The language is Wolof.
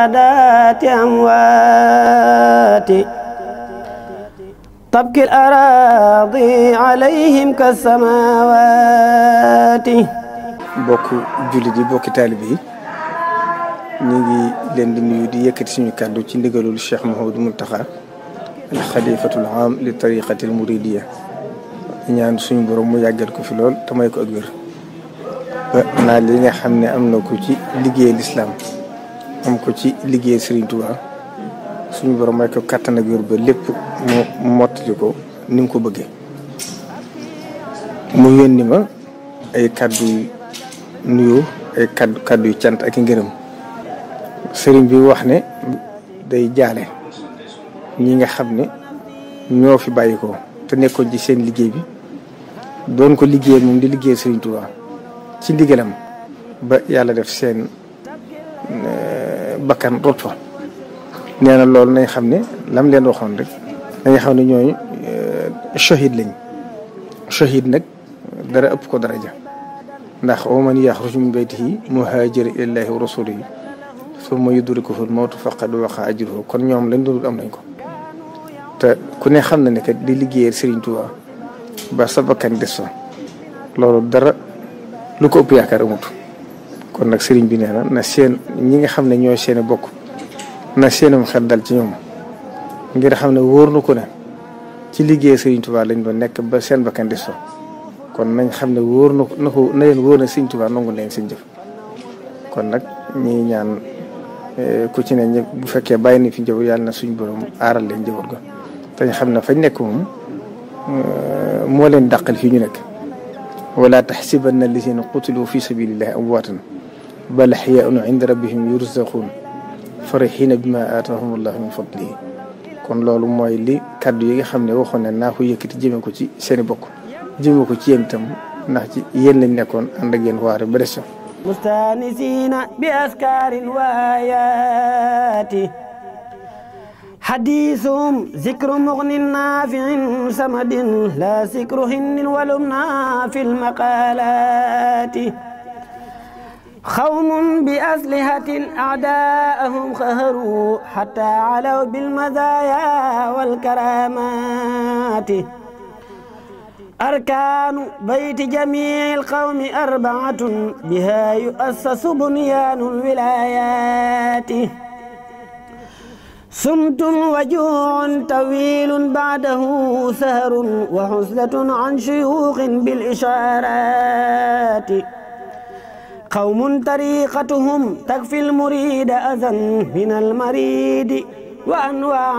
ذات أمواتي تبكي الأراضي عليهم كالسماوات بوك جولدي بوك تالبي نيجي لين دي نيو دي كادو سي نديغالول الشيخ محمود ملتقى الخليفة العام للطريقة المريدية ñaan suñu borom mu yàggal ko fi lool te may ko ak wér ba naa li am ko ci liggéey Serigne Touba suñu borom may ko kattan ak yor ba lépp mu mottali ko ni mu ko bëggee mu yónni ma ay kàddu yu ay kàddu yu cant ak i ngërëm sëriñ bi wax ne day jaale ñi nga xam ne ñoo fi bàyyi ko te nekkoon ci seen liggéey bi doon ko liggéey moom di liggéey Serigne Touba ci ndigalam ba yàlla def seen bakkan rot neena nee nay xamne lam leen waxon rek nay xamne ñoy shahid lañ shahid nak dara upp ko daraja ndax o man yaxruj min baytihi muhaajir ilallahi wa rasulihi thumma yudriku fil mawtu faqad waqa ajruhu kon ñom lañ doon am nañ ko te ku ne xamne ne kat di liggey Serigne Touba ba sa bakkan des fa dara lu ko upp yaakaar amut kon nag sëriñ bi nee na seen ñi nga xam ne ñooy seeni bokk na mu xel dal ci ñoom ngir xam ne wóor na ko ne ci liggéey sëriñ Tuubaa lañ doon nekk ba seen bakkan des fa kon nañ xam ne wóor na ko ko na leen wóor na sëriñ Tuubaa jëf kon nag ñi ñaan eh, ku ne ñëpp bu fekkee bàyyi na fi njëw yàlla na suñ borom aaral leen jëwat ko te xam ne fañ nekk moom eh, moo leen dàqal fii ñu nekk wala taxsibanna alladina qutilu fi sabilillahi amwaatan bal axyaun inda rabbihim yurzaquun farixina bima aatahum allah min fadlihi kon loolu mooy li kàddu yi nga xam ne waxoon ne naa ko yëkkati jëme ko ci seen i bokk jëme ko ci yéen itam ndax ci yéen lañ nekkoon ànd ak yéen waare ba des mustaanisiina bi askaarin waayaati حديثهم ذكر مغن نافع سمد لا ذكر هن ولمنا في المقالات خوم بأسلحة أعداءهم خهروا حتى علوا بالمزايا والكرامات أركان بيت جميع القوم أربعة بها يؤسس بنيان الولايات صمت وجوع طويل بعده سهر وحزلة عن شيوخ بالإشارات قوم طريقتهم تكفي المريد أذى من المريد وأنواع